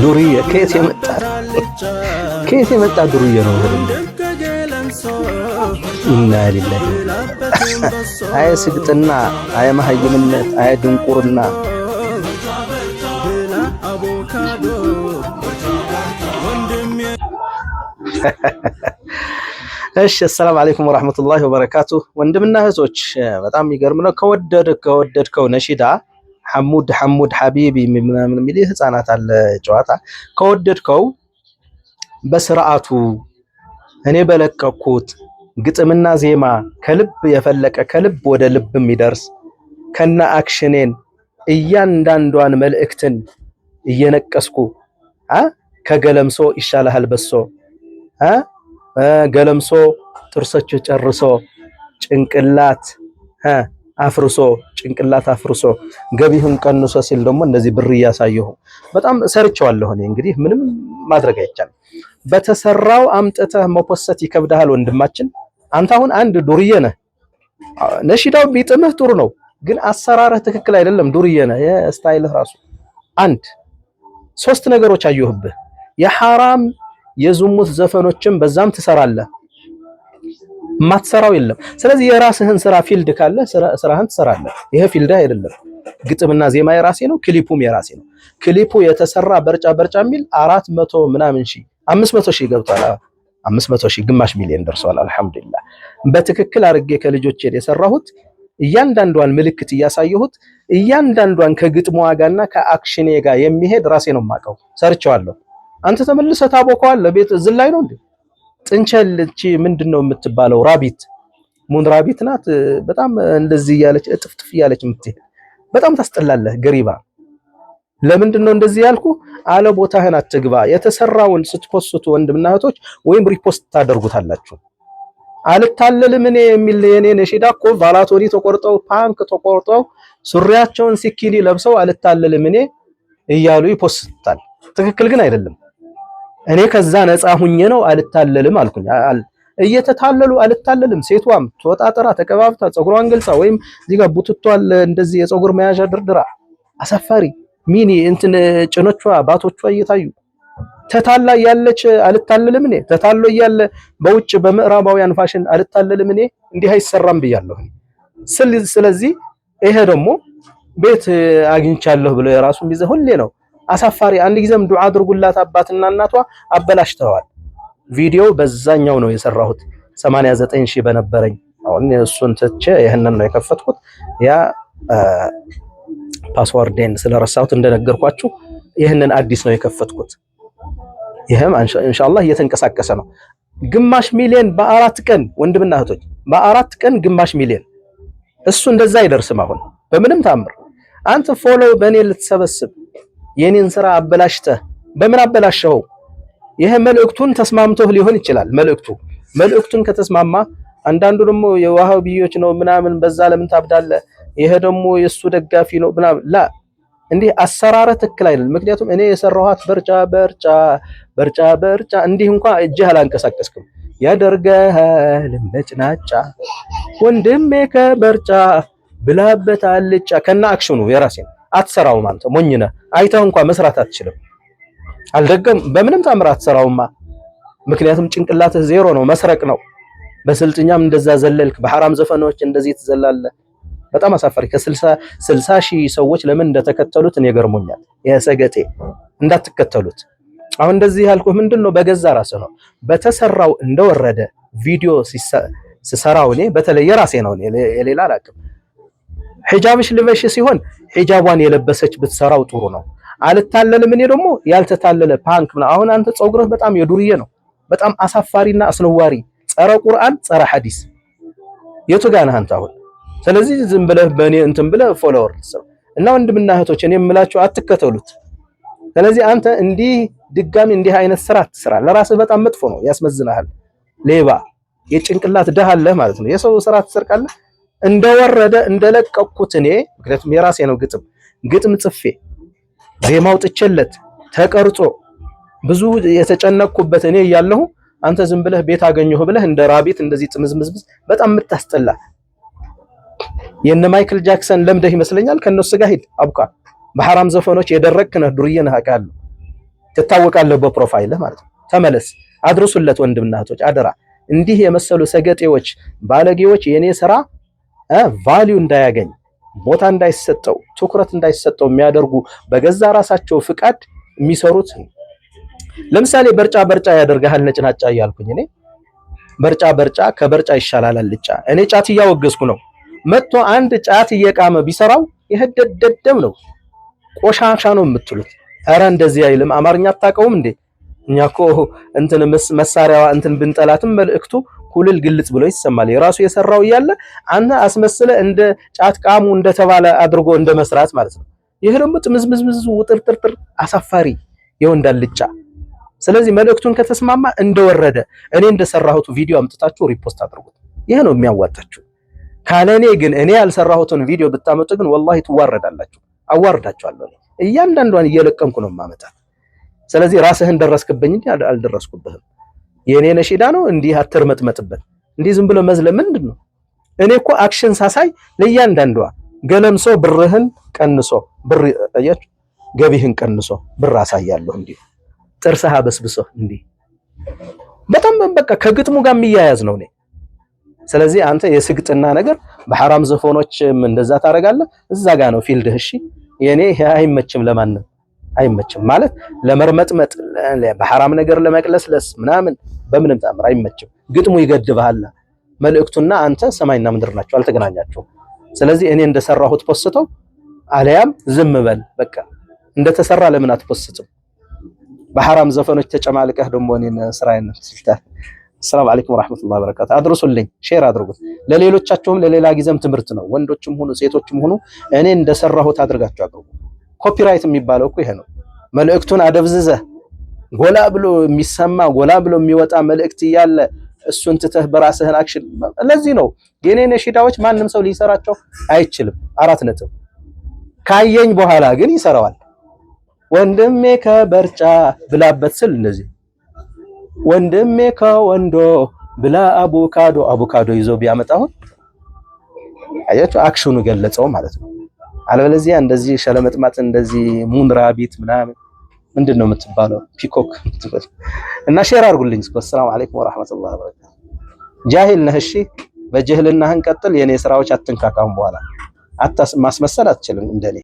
ዱርዬ ከየት የመጣ ከየት የመጣ ዱርዬ ነው? እና ሊላሂ አየ ስግጥና፣ አየ መሀይምነት፣ አየ ድንቁርና እሺ አሰላም አለይኩም ወራህመቱላሂ ወበረካቱ። ወንድምና እህቶች በጣም የሚገርም ነው። ከወደድ ከወደድከው ነሺዳ ሐሙድ ሐሙድ ሐቢቢ ምናምን የሚል የህፃናት አለ ጨዋታ። ከወደድከው በስርዓቱ እኔ በለቀኩት ግጥምና ዜማ ከልብ የፈለቀ ከልብ ወደ ልብ የሚደርስ ከነ አክሽኔን እያንዳንዷን መልእክትን እየነቀስኩ ከገለምሶ ይሻልሃል በሶ ገለምሶ ጥርሶቹ ጨርሶ ጭንቅላት አፍርሶ ጭንቅላት አፍርሶ ገቢህን ቀንሶ ሲል ደግሞ እንደዚህ ብር እያሳየሁ በጣም ሰርቸዋለሁ። እኔ እንግዲህ ምንም ማድረግ አይቻልም። በተሰራው አምጥተህ መኮሰት ይከብድሃል ወንድማችን። አንተ አሁን አንድ ዱርዬ ነህ። ነሺዳው ቢጥምህ ጥሩ ነው፣ ግን አሰራርህ ትክክል አይደለም። ዱርዬ ነህ። የስታይልህ ራሱ አንድ ሶስት ነገሮች አየሁብህ። የሐራም የዝሙት ዘፈኖችን በዛም ትሰራለህ የማትሰራው የለም። ስለዚህ የራስህን ስራ ፊልድ ካለ ስራህን ትሰራለህ። ይሄ ፊልድ አይደለም። ግጥምና ዜማ የራሴ ነው፣ ክሊፑም የራሴ ነው። ክሊፑ የተሰራ በርጫ በርጫ የሚል አራት መቶ ምናምን ሺህ አምስት መቶ ሺህ ገብቷል። አምስት መቶ ሺህ ግማሽ ሚሊዮን ደርሷል። አልሐምዱሊላህ በትክክል አድርጌ ከልጆቼ የሰራሁት እያንዳንዷን ምልክት እያሳየሁት እያንዳንዷን ከግጥሙ ጋርና ከአክሽኔ ጋር የሚሄድ ራሴ ነው የማውቀው። ሰርቼዋለሁ። አንተ ተመልሰህ ታቦከዋለህ። ቤት ዝላይ ነው እንዴ? ጥንቸል እቺ ምንድን ነው የምትባለው? ራቢት ሙን ራቢት ናት። በጣም እንደዚህ እያለች እጥፍጥፍ እያለች የምትሄድ በጣም ታስጠላለህ። ገሪባ ለምንድን ነው እንደዚህ ያልኩ? አለ ቦታህን አትግባ። የተሰራውን ስትፖስቱ ወንድምና እህቶች ወይም ሪፖስት ታደርጉታላችሁ። አልታለልም እኔ የሚል የኔ ነሽዳ እኮ ቫላቶሪ ተቆርጠው ፓንክ ተቆርጠው ሱሪያቸውን ሲኪኒ ለብሰው አልታለልም እኔ እያሉ ይፖስታል። ትክክል ግን አይደለም። እኔ ከዛ ነፃ ሁኜ ነው አልታለልም አልኩኝ። እየተታለሉ አልታለልም። ሴቷም ተወጣጥራ ተቀባብታ ፀጉሯን ገልጻ ወይም እዚህ ጋር ቡትቷል እንደዚህ የፀጉር መያዣ ድርድራ አሳፋሪ ሚኒ እንትን ጭኖቿ ባቶቿ እየታዩ ተታላ እያለች አልታለልም እኔ ተታሎ እያለ በውጭ በምዕራባውያን ፋሽን አልታለልም እኔ እንዲህ አይሰራም ብያለሁ። ስለዚህ ይሄ ደግሞ ቤት አግኝቻለሁ ብሎ የራሱ ይዘ ሁሌ ነው አሳፋሪ። አንድ ጊዜም ዱዓ አድርጉላት አባትና እናቷ አበላሽተዋል። ቪዲዮ በዛኛው ነው የሰራሁት 89 ሺህ በነበረኝ አሁን እሱን ትቼ ይህንን ነው የከፈትኩት። ያ ፓስዋርዴን ስለረሳሁት እንደነገርኳችሁ ይህንን አዲስ ነው የከፈትኩት። ይህም ኢንሻአላህ እየተንቀሳቀሰ ነው። ግማሽ ሚሊዮን በአራት ቀን ወንድምና እህቶች፣ በአራት ቀን ግማሽ ሚሊዮን እሱ እንደዛ አይደርስም። አሁን በምንም ታምር አንተ ፎሎ በእኔ ልትሰበስብ የኔን ስራ አበላሽተ በምን አበላሸኸው? ይሄ መልእክቱን ተስማምቶህ ሊሆን ይችላል። መልእክቱ መልእክቱን ከተስማማ አንዳንዱ ደግሞ የዋሃብዮች ነው ምናምን፣ በዛ ለምን ታብዳለ? ይሄ ደግሞ የሱ ደጋፊ ነው ምናምን ላ እንዲህ አሰራረ ትክክል አይደለም። ምክንያቱም እኔ የሰራኋት በርጫ በርጫ በርጫ በርጫ እንዲህ እንኳ እጅህ አላንቀሳቀስክም። ያደርገሃል መጭናጫ ወንድሜ ከበርጫ ብላበት አልጫ ከና አክሽኑ የራሴ ነው አትሰራውም። አንተ ሞኝ ነህ፣ አይተህ እንኳን መስራት አትችልም። አልደገም በምንም ታምር አትሰራውማ። ምክንያቱም ጭንቅላትህ ዜሮ ነው፣ መስረቅ ነው። በስልጥኛም እንደዛ ዘለልክ፣ በሐራም ዘፈኖች እንደዚህ ትዘላለህ። በጣም አሳፋሪ። ከስልሳ ሺህ ሰዎች ለምን እንደተከተሉት እኔ ገርሞኛል። የሰገጤ እንዳትከተሉት። አሁን እንደዚህ ያልኩህ ምንድን ነው? በገዛ ራስህ ነው በተሰራው እንደወረደ ቪዲዮ ሲሰራው እኔ በተለየ ራሴ ነው የሌላ አላውቅም። ሒጃብሽ ልበሽ ሲሆን ሒጃቧን የለበሰች ብትሰራው ጥሩ ነው። አልታለልም። እኔ ደግሞ ያልተታለለ ፓንክ ምና አሁን አንተ ፀጉርህ በጣም የዱርዬ ነው፣ በጣም አሳፋሪና አስነዋሪ፣ ጸረ ቁርአን፣ ጸረ ሐዲስ የቱ ጋር ነህ አንተ አሁን? ስለዚህ ዝም ብለህ በእኔ እንትን ብለህ ፎሎወር እና ወንድምና እህቶች እኔ የምላችሁ አትከተሉት። ስለዚህ አንተ እንዲህ ድጋሚ እንዲህ አይነት ስራ አትስራ። ለራስህ በጣም መጥፎ ነው፣ ያስመዝናሃል። ሌባ የጭንቅላት ደሃለህ ማለት ነው። የሰው ስራ ትሰርቃለህ። እንደወረደ እንደለቀቅኩት እኔ ምክንያቱም የራሴ ነው ግጥም ግጥም ጽፌ ዜማው አውጥቼለት ተቀርጾ ብዙ የተጨነቅኩበት እኔ እያለሁ አንተ ዝም ብለህ ቤት አገኘሁ ብለህ እንደ ራቢት እንደዚህ ጥምዝምዝምዝ በጣም የምታስጠላ የነ ማይክል ጃክሰን ለምደህ ይመስለኛል። ከነሱ ጋር ሂድ አብቃ። በሐራም ዘፈኖች የደረክ ነህ፣ ዱርዬ ነህ፣ አውቃለሁ። ትታወቃለህ በፕሮፋይልህ ማለት ነው። ተመለስ፣ አድርሱለት ወንድምና እህቶች አደራ። እንዲህ የመሰሉ ሰገጤዎች፣ ባለጌዎች የኔ ስራ ቫሊዩ እንዳያገኝ ቦታ እንዳይሰጠው ትኩረት እንዳይሰጠው የሚያደርጉ በገዛ ራሳቸው ፍቃድ የሚሰሩት ለምሳሌ በርጫ በርጫ ያደርግሃል ነጭናጫ እያልኩኝ እኔ በርጫ በርጫ ከበርጫ ይሻላል አልጫ እኔ ጫት እያወገዝኩ ነው። መጥቶ አንድ ጫት እየቃመ ቢሰራው የህደደደም ነው፣ ቆሻሻ ነው የምትሉት። ኧረ እንደዚህ አይልም። አማርኛ አታውቀውም እንዴ? እኛ እኮ እንትን መሳሪያዋ እንትን ብንጠላትም መልእክቱ ሁልል ግልጽ ብሎ ይሰማል። የራሱ የሰራው እያለ አንተ አስመስለ እንደ ጫት ቃሙ እንደተባለ አድርጎ እንደ መስራት ማለት ነው። ይሄ ደግሞ ጥምዝምዝምዝ ውጥርጥርጥር አሳፋሪ የወንዳል ልጫ ስለዚህ መልእክቱን ከተስማማ እንደወረደ እኔ እንደሰራሁት ቪዲዮ አምጥታችሁ ሪፖስት አድርጉት። ይሄ ነው የሚያዋጣችሁ። ካለኔ ግን እኔ ያልሰራሁትን ቪዲዮ ብታመጡ ግን ወላሂ ትዋረዳላችሁ። አዋርዳችኋለሁ። እያንዳንዷን እየለቀምኩ ነው ማመጣት። ስለዚህ ራስህን ደረስክብኝ እንጂ አልደረስኩብህም። የእኔ ነሽዳ ነው። እንዲህ አትርመጥመጥበት። እንዲህ ዝም ብሎ መዝለም ምንድን ነው? እኔ እኮ አክሽን ሳሳይ ለእያንዳንዷ ገለምሶ ብርህን ቀንሶ ብር አያችሁ፣ ገቢህን ቀንሶ ብር አሳያለሁ። እንዲህ ጥርስህ አበስብሶ እንዲህ በጣም በቃ ከግጥሙ ጋር የሚያያዝ ነው እኔ። ስለዚህ አንተ የስግጥና ነገር በሐራም ዘፎኖችም እንደዛ ታደርጋለህ። እዛ ጋ ነው ፊልድህ። እሺ የኔ ይሄ አይመችም ለማንም አይመችም ማለት ለመርመጥመጥ በሐራም ነገር ለመቅለስለስ ምናምን በምንም ተአምር አይመችም። ግጥሙ ይገድብሃል። መልእክቱና አንተ ሰማይና ምድር ናቸው፣ አልተገናኛቸውም። ስለዚህ እኔ እንደሰራሁት ፖስተው አለያም ዝም በል በቃ እንደተሰራ ለምን አትፖስትም? በሐራም ዘፈኖች ተጨማልቀህ ደግሞ እኔን ስራዬን ስልታል። ሰላም አለይኩም ወራህመቱላሂ ወበረካቱ። አድርሱልኝ፣ ሼር አድርጉት። ለሌሎቻቸውም ለሌላ ጊዜም ትምህርት ነው። ወንዶችም ሆኑ ሴቶችም ሆኑ እኔ እንደሰራሁት አድርጋችሁ አቅርቡ። ኮፒራይት የሚባለው እኮ ይሄ ነው። መልእክቱን አደብዝዘ ጎላ ብሎ የሚሰማ ጎላ ብሎ የሚወጣ መልእክት እያለ እሱን ትተህ በራስህን አክሽን። ለዚህ ነው የኔ ነሺዳዎች ማንም ሰው ሊሰራቸው አይችልም። አራት ነጥብ። ካየኝ በኋላ ግን ይሰራዋል። ወንድሜ ከበርጫ ብላበት ስል እንደዚህ ወንድሜ ከወንዶ ብላ አቡካዶ አቡካዶ ይዞ ቢያመጣሁን አያችሁ፣ አክሽኑ ገለጸው ማለት ነው። አለበለዚያ እንደዚህ ሸለመጥማጥ እንደዚህ ሙንራ ቤት ምናምን ምንድን ነው የምትባለው? ፒኮክ ትበል እና ሼር አድርጉልኝ። ሰላም አለይኩም ወራህመቱላሂ ወበረካቱ። ጃሂል ነህ እሺ፣ በጅህልናህን ቀጥል። የኔ ስራዎች አትንካካም በኋላ ማስመሰል አትችልም እንደኔ